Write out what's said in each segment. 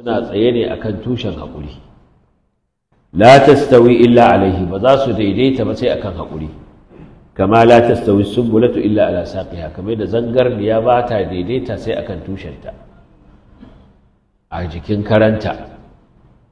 suna tsaye ne akan tushen haƙuri la tastawi illa alaihi ba za su daidaita ba sai akan haƙuri kama la tastawi sumbulatu illa ala saqiha kamar da zangarniya ba ta daidaita sai akan tushenta a jikin karanta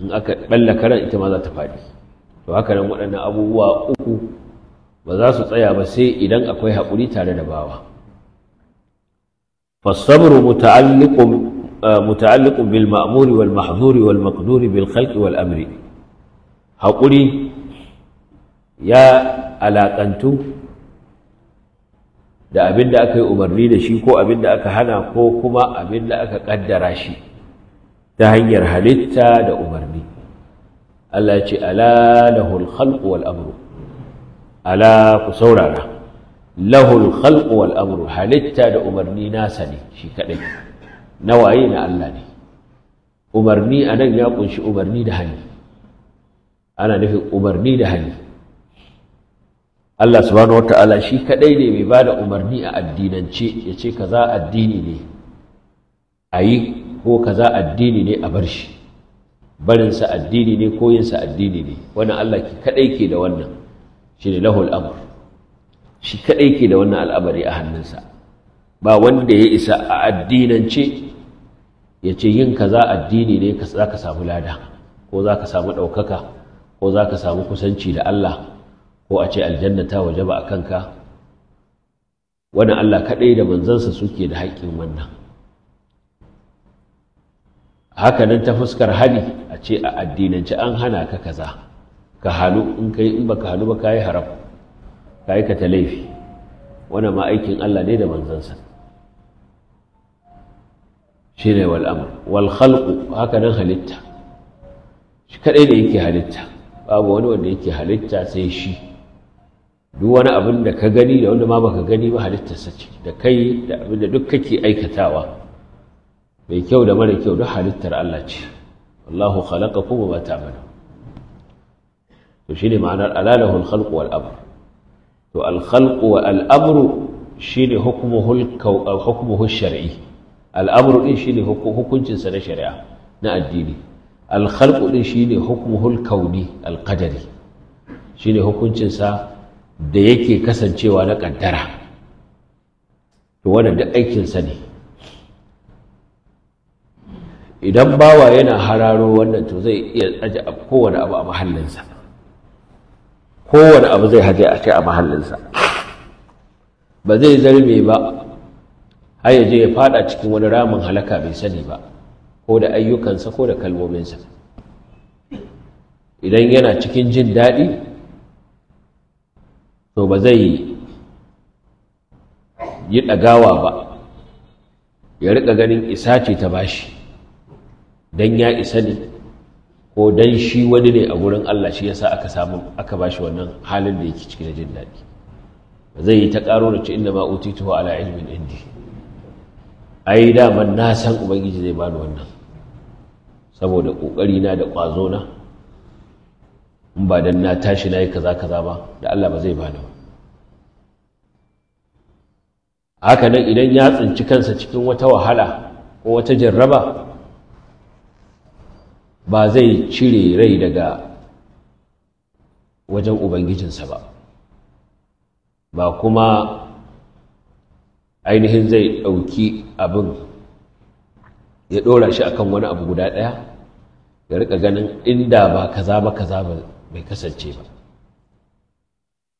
in aka ɓalla karan ita ma za ta faɗi to haka nan waɗannan abubuwa uku ba za su tsaya ba sai idan akwai haƙuri tare da bawa fasabru muta'alliqun متعلق بالمأمور والمحظور والمقدور بالخلق والأمر haƙuri ya alaƙantu da abin da aka yi umarni da shi ko abin da aka hana ko kuma abin da aka ƙaddara shi ta hanyar halitta da umarni Allah ce ala lahul khalqu wal amru ala ku saurara lahul khalqu wal amru halitta da umarni nasa ne shi kadai na waye na Allah ne umarni a nan ya kunshi umarni da hali ana nufin umarni da hali Allah subhanahu ta'ala shi kadai ne mai bada umarni a addinance ya ce kaza addini ne a yi ko kaza addini ne a bar shi barinsa addini ne ko yinsa addini ne wannan Allah kadai ke da wannan shi ne lahul amr shi kadai ke da wannan al'amari a hannunsa ba wanda ya isa a addinance ya ce yin kaza addini ne za ka samu lada ko za ka samu ɗaukaka ko za ka samu kusanci da Allah ko a ce aljanna ta waje ba a kanka wani Allah kaɗai da manzansa suke da haƙƙin wannan haka nan ta fuskar hali a ce a addinance an hana ka kaza ka hannu in yi in ka hannu ba yi haram yi ka ta laifi wannan ma aikin Allah ne da manzansa shi ne wal'amur walhalku haka nan halitta shi kadai da yake halitta babu wani wanda yake halitta sai shi duk wani abin da ka gani da wanda ma baka gani ba halitta sace. da kai da abin da duk kake aikatawa mai kyau da mara kyau duk halittar Allah ce Allahu khalaqakum wa ma to shine ma'anar alalahul khalqu wal amr to al khalqu wal amru shine hukmuhu al hukmuhu shar'i al'amru din shine hukuncinsa na shari'a na addini al ɗin din shine hukmuhul kauni al Shi ne hukuncinsa da yake kasancewa na ƙaddara. to wannan duk aikinsa ne idan bawa yana hararo wannan to zai iya aje kowane abu a mahallinsa kowane abu zai haje a ce a mahallinsa ba zai zarme ba har yaje ya fada cikin wani ramin halaka bai sani ba ko da ayyukansa ko da kalmominsa idan yana cikin jin daɗi to ba zai yi ɗagawa ba ya rika ganin isa ce ta bashi don ya isa ne ko don shi wani ne a wurin Allah shi yasa aka samu aka bashi wannan halin da yake ciki da jin daɗi zai yi ta karo da ce inda ma utituhu ala ilmin indi ai daman na san ubangiji zai bani wannan saboda kokari na da kwazo na in ba dan na tashi na yi kaza kaza ba da Allah ba zai bani ba haka nan idan ya tsinci kansa cikin wata wahala ko wata jarraba ba zai cire rai daga wajen ubangijinsa ba ba kuma ainihin zai ɗauki abin ya ɗora shi akan wani abu guda ɗaya ya riƙa ganin inda ba kaza ba kaza ba bai kasance ba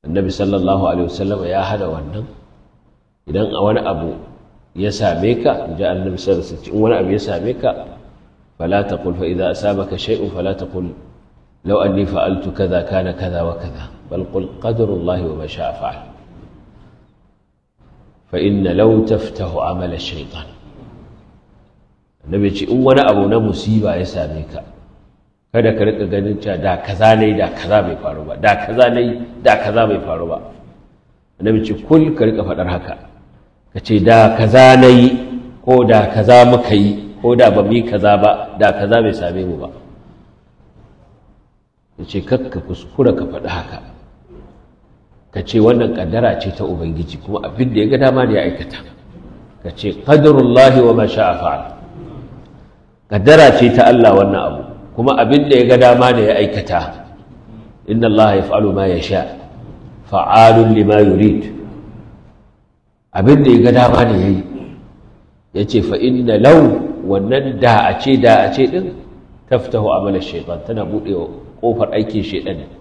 annabi sallallahu alaihi wasallam ya hada wannan idan wani abu ya same ka inji annabi sallallahu alaihi wasallam in wani abu ya same ka fala taqul fa idza asabaka shay'un fala taqul law anni fa'altu kaza kana kaza wa kaza bal qul qadarullahi wa ma sha'a fa'al فإن لو تفتح عمل الشيطان النبي ce in wani abu na musiba ya same ka kada ka rika ganin cewa da kaza ne da kaza bai faru ba da kaza ne da kaza bai faru ba annabi ce kul ka rika fadar haka ka ce da kaza ne ko da kaza muka yi ko da ba mu kaza ba da kaza bai same mu ba ya ce kakka kuskura ka faɗi haka ka ce wannan kadara ce ta ubangiji kuma abin da ya ga dama da ya aikata ka ce qadarullahi wa ma sha'a ce ta Allah wannan abu kuma abin da ya ga dama da ya aikata inna Allah yaf'alu ma yasha fa'alun lima yurid abin da ya ga dama da yayi yace fa inna law wannan da a ce da a ce din taftahu amala shaytan tana buɗe ƙofar aikin shaiɗan.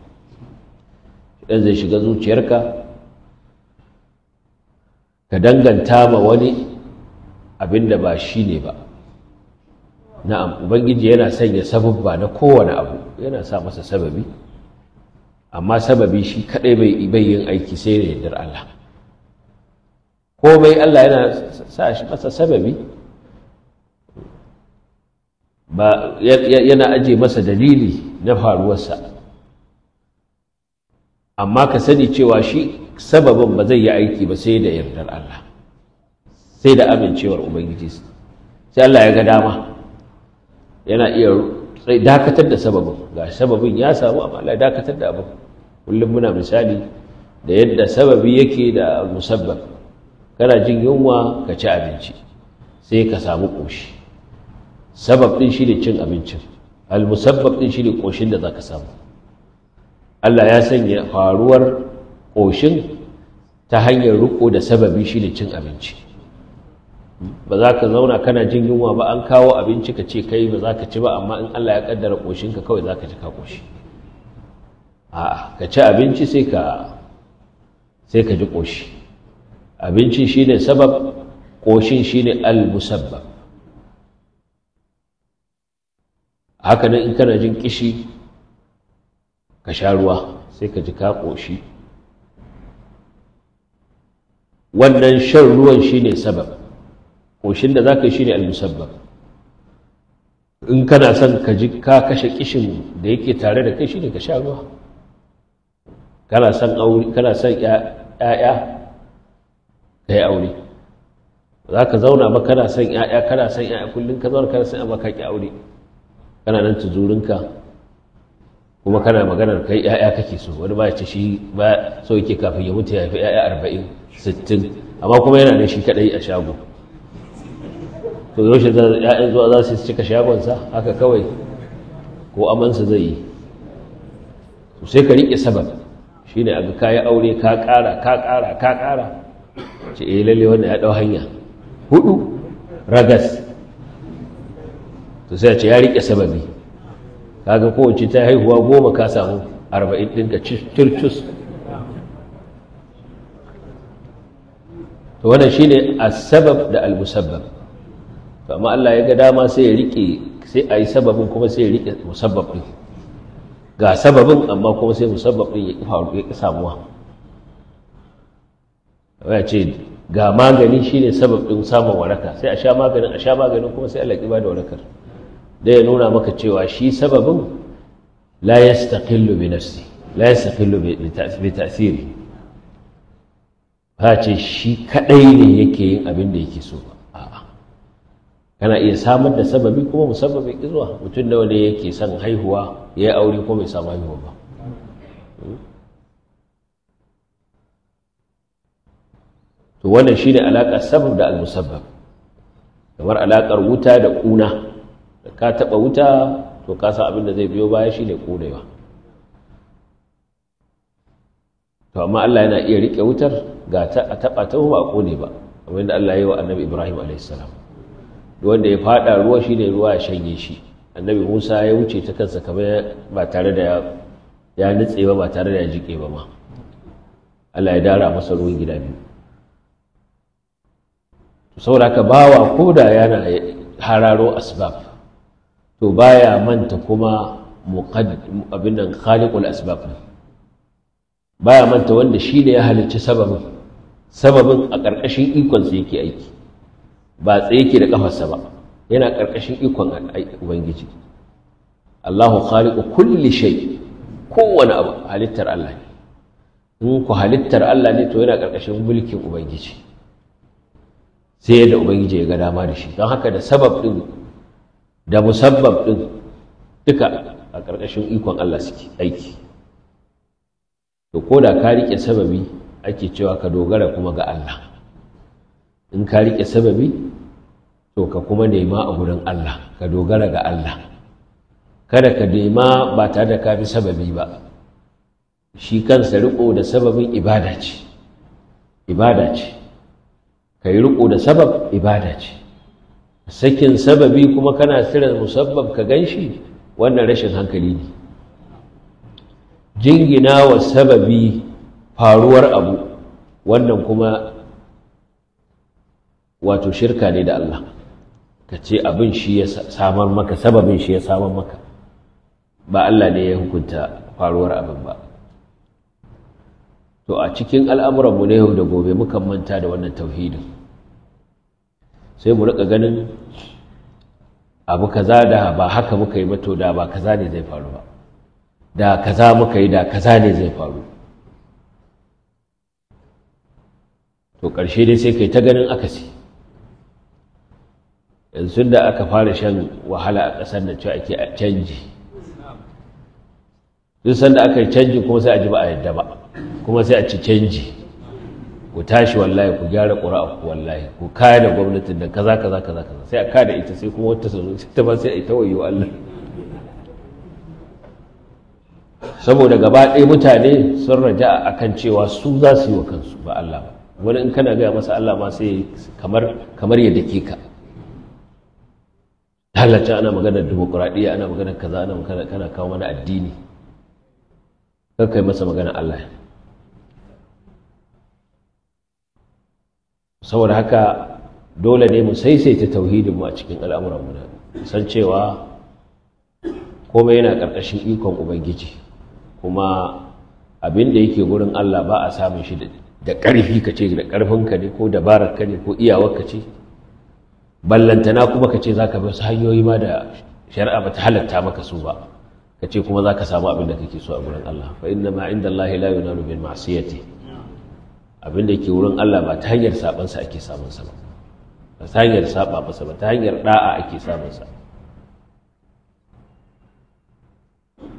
dan zai shiga zuciyarka ka danganta ma wani abinda ba shi ne ba na'am ubangiji yana sanya sababba na kowane abu yana sa masa sababi amma sababi shi kadai bai bai yin aiki sai da yardar Allah komai Allah yana sa shi masa sababi ba yana aje masa dalili na faruwarsa amma ka sani cewa shi sababin ba zai yi aiki ba sai da yardar Allah sai da amincewar ubangiji sai Allah ya ga dama yana iya sai dakatar da sababin ga sababin ya samu amma Allah dakatar da abin kullum muna misali da yadda sababi yake da musabbab kana jin yunwa ka ci abinci sai ka samu ƙoshi sabab ɗin shi ne cin abincin al-musabbab ɗin shi ne ƙoshin da za ka samu Allah ya sanya faruwar ƙoshin ta hanyar riko da sababi shi cin abinci ba za ka zauna kana jin yunwa ba an kawo abinci ka ce kai ba za ka ci ba amma in Allah ya kaddara ƙoshinka kawai za ka ci ka ƙoshi a'a ka ci abinci sai ka ji ƙoshi abincin shi ne sabab ƙoshin shi ne al-musabbab haka nan in kana jin ƙishi ka sha ruwa sai ka ji ka ƙoshi wannan shan ruwan shi ne sabab ƙoshin da za ka yi shi shine almusabbab in kana son ka ji ka kashe kishin da yake tare da kai shi ne ka sha ruwa kana son aure kana son ƴaƴa ka yi aure za ka zauna ba kana son ƴaƴa kana son yaya kullum ka zauna kana son amma ka ki aure kana nan tuzurinka kuma kana maganar kai ya'ya kake so wani ba ya ce shi ba so yake kafin ya mutu ya haifi ya'ya arba'in sittin amma kuma yana da shi kadai a shago to yaushe ya'yan zuwa za su cika shagonsa haka kawai ko amansa zai yi sai ka riƙe sabab shi ne aga kayan aure ka ƙara ka ƙara ka ƙara ce eh lalle wanda ya ɗau hanya hudu ragas to sai ce ya riƙe sababi kaga kowace ta haihuwa goma ka samu arba'in ɗinka turcus to wannan shine asabab da al-musabbab to amma Allah ya ga dama sai ya rike sai ayi sababin kuma sai ya rike musabbab din ga sababin amma kuma sai musabbab din ya faru ya samuwa ya ce ga magani shine sabab din samun waraka sai a sha maganin a sha maganin kuma sai Allah ya ba da warakar da ya nuna maka cewa shi sababin la yastaqillu bi nafsi la bi tasiri ba ce shi kaɗai ne yake yin abin da yake so ba a'a kana iya samar da sababi kuma musabbabin izuwa mutum da wani yake son haihuwa ya yi aure ko bai samu haihuwa ba hmm? to wannan shine alaƙar sabab da al-musabbab kamar alaƙar wuta da ƙuna ka taɓa wuta to ka san abin da zai biyo baya shi ne ƙonewa to amma Allah yana iya riƙe wutar ga ta a taɓa ta ba a ƙone ba kamar yadda Allah ya yi wa annabi Ibrahim alaihissalam wanda ya faɗa ruwa shi ne ruwa ya shanye shi annabi Musa ya wuce ta kansa kamar ba tare da ya nutse ba ba tare da ya jiƙe ba ma Allah ya dara masa ruwan gida biyu saboda ka bawa ko da yana hararo asbab to baya manta kuma abin nan khaliqul asbab baya manta wanda shi ne ya halicci sababin sababin a ƙarƙashin ikonsa yake aiki ba tsaye da ƙafarsa ba yana ƙarƙashin ikon ubangiji Allahu khaliqu kulli shai kowane abu halittar Allah ne in ku halittar Allah ne to yana ƙarƙashin mulkin ubangiji sai yadda ubangiji ya ga dama da shi don haka da sabab ɗin. da musabbab ɗin duka a ƙarƙashin ikon Allah suke aiki to ko da ka riƙe sababi ake cewa ka dogara kuma ga Allah in ka riƙe sababi to ka kuma nema a gurin Allah ka dogara ga Allah kada ka nema ba ta da ka sababi ba shi kansa riƙo da sababin ibada ce ibada ce ka yi riƙo da sabab ibada ce sakin sababi kuma kana siran musabbab ka ganshi wannan rashin hankali ne jingina wa sababi faruwar abu wannan kuma wato shirka ne da Allah ka ce abin shi ya samar maka sababin shi ya samar maka ba Allah ne ya hukunta faruwar abin ba to a cikin al'amuranmu na yau da gobe mukan manta da wannan tauhidin sai mu rika ganin abu kaza da ba haka muka yi ba to da ba kaza ne zai faru ba da kaza muka yi da kaza ne zai faru to ƙarshe dai sai kai ta ganin akasi yanzu da aka fara shan wahala a ƙasar da cewa ake a canji duk sanda aka yi canji kuma sai a ji ba a yadda ba kuma sai a ci canji ku tashi wallahi ku gyara ƙura'a ku wallahi ku da gwamnatin da kaza kaza kaza kaza sai a da ita sai kuma wata sazo ta ba sai a ita wayo Allah saboda gaba ɗaya mutane sun raja akan cewa su za su yi wa kansu ba Allah ba wani in kana gaya masa Allah ma sai kamar kamar ya ke ka halatta ana maganar dimokuraɗiyya ana maganar kaza ana maganar kana kawo mana addini kai masa maganar Allah saboda haka dole ne mu saisaita tauhidinmu a cikin al'amuranmu da san cewa komai yana ƙarƙashin ikon ubangiji kuma abin da yake gurin allah ba a samun shi da ƙarfi ka ce da ƙarfinka ne ko dabararka ne ko iyawarka ce ballantana kuma ka ce za ka bi hanyoyi ma da shari'a ba ta halatta maka su ba ka ce kuma za ka samu abin da kake so a gurin allah fa inna ma inda allahi la yunalu bil ma'siyati abin da ke wurin Allah ba ta hanyar sabansa ake samun sa ba ba ta hanyar saba sa ba ta hanyar da'a ake samun sa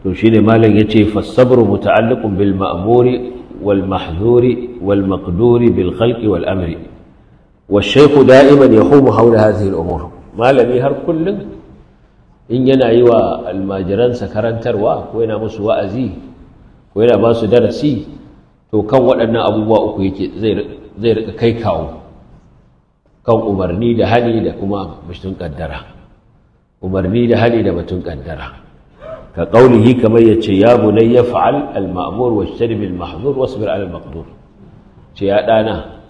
to shine malam yace fasabru muta'alliqun bil ma'muri wal mahdhuri wal maqduri bil khalqi wal amri والشيخ da'iman يحوم حول هذه الأمور ما Malami har kullum. in yana yi wa almajiransa karantarwa ko yana musu wa'azi ko yana ba su darasi to kan waɗannan abubuwa uku yake zai rika kai kawo kan umarni da hali da kuma batun kaddara umarni da hali da batun kaddara ka qaulihi kamar yace ya ya fa'al al-ma'mur wajtanib al-mahzur wasu bir al-maqdur ce ya ɗana,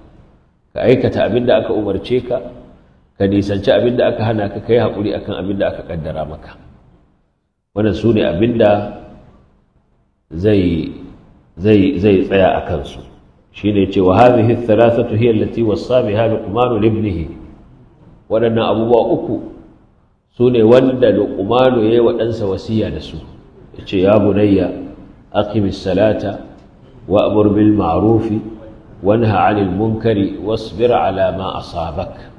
ka aikata da aka umarce ka ka nisanci abinda aka hana ka kai hakuri akan abinda aka kaddara maka wannan sune abinda zai zai zai tsaya a kansu shine ce wa hadhihi thalathatu hiya allati wassa biha luqman ibnihi wadannan abubuwa uku sune wanda luqman yayi wa ɗansa wasiya da su yace ya bunayya aqimis salata wa'mur bil ma'ruf wanha 'anil munkari wasbir 'ala ma asabak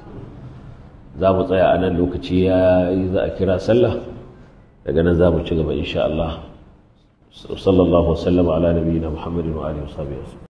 za mu tsaya a nan lokaci ya yi za a kira sallah daga nan za mu ci gaba insha Allah sallallahu ala nabiyina muhammadin wa alihi wa